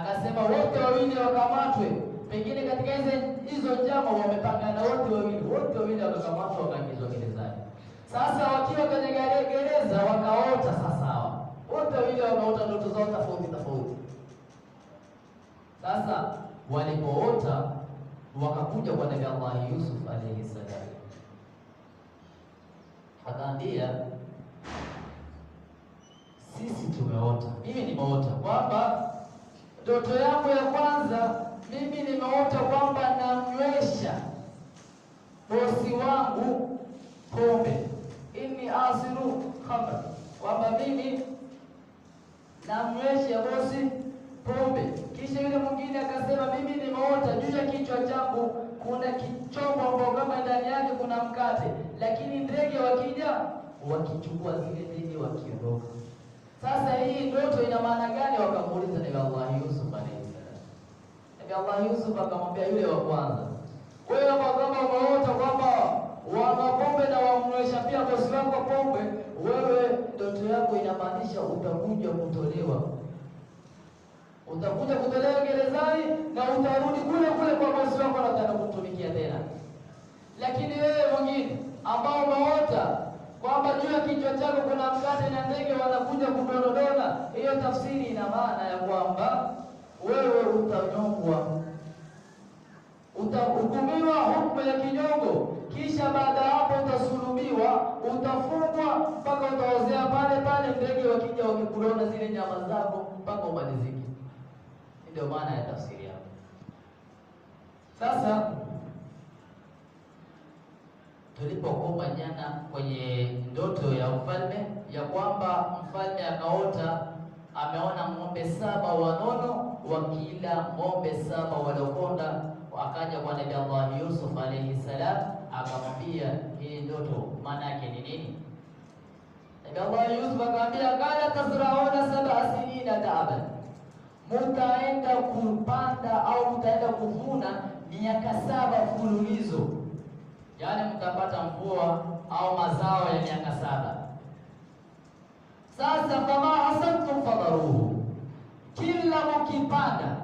Akasema wote wawili wakamatwe, pengine katika hizo njama wamepangana wote wawili, wote wawili wakakamatwa, wakaingizwa gerezani. Sasa wakiwa kwenye gereza wakaota sasa, wote wawili wakaota ndoto zao tofauti tofauti. Sasa walipoota wakakuja kwa Nabii Allah Yusuf alayhi salam, akaambia sisi tumeota, mimi nimeota kwamba ndoto yangu ya kwanza mimi nimeota kwamba namnywesha bosi wangu pombe, inni asiru khamra, kwamba mimi namnywesha bosi pombe. Kisha yule mwingine akasema, mimi nimeota juu ya kichwa changu kuna kichombo ambao kama ndani yake kuna mkate, lakini ndege wakija wakichukua zile ndege wakiondoka sasa hii ndoto ina maana gani? Wakamuuliza ni Allah Yusuf alayhi salam. Nabii Allah Yusuf akamwambia yule wa kwanza, hiyo hapa kama umeota kwamba wana pombe na wamnywesha pia bosi wako pombe, wewe ndoto yako inamaanisha utakuja kutolewa, utakuja kutolewa gerezani na utarudi kule kule kwa bosi wako, na utakutumikia tena. Lakini wewe mwingine ambao umeota kwamba juu ya kichwa chako kuna mkate na ndege wanakuja kudonodona. Hiyo tafsiri ina maana ya kwamba wewe utanyongwa, utahukumiwa hukumu ya kinyongo, kisha baada ya hapo utasulubiwa, utafungwa mpaka utaozea pale pale, ndege wakija wakikudona zile nyama zako mpaka umalizike. Ndio maana ya tafsiri yako sasa tulipokuwa jana kwenye ndoto ya mfalme ya kwamba mfalme akaota ameona ng'ombe saba wanono wa kila ng'ombe saba walokonda. Akaja kwa Nabii Allah Yusuf alayhi salam, akamwambia hii ndoto maana yake ni nini? Nabii Allah Yusuf akamwambia, kala tazrauna sab'a sinina da'aban, mutaenda kupanda au mutaenda kuvuna miaka saba mfululizo yaani mtapata mvua au mazao ya miaka saba. Sasa kama hasantum fadharuhu, kila mkipanda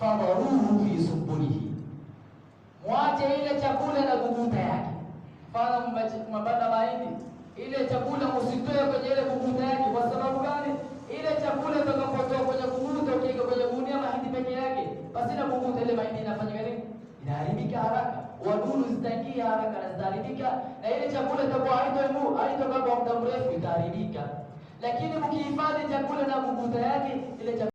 fadharuhu fi subulihi, mwache ile chakula na guguta yake. Mfano mmepanda mahindi, ile chakula usitoe kwenye ile guguta yake. Kwa sababu gani? Aliharibika haraka, wadudu ya haraka na zitaharibika, na ile chakula itakuwa haitodumu, haito kwa muda mrefu, itaharibika. Lakini mkihifadhi chakula na buguta yake ile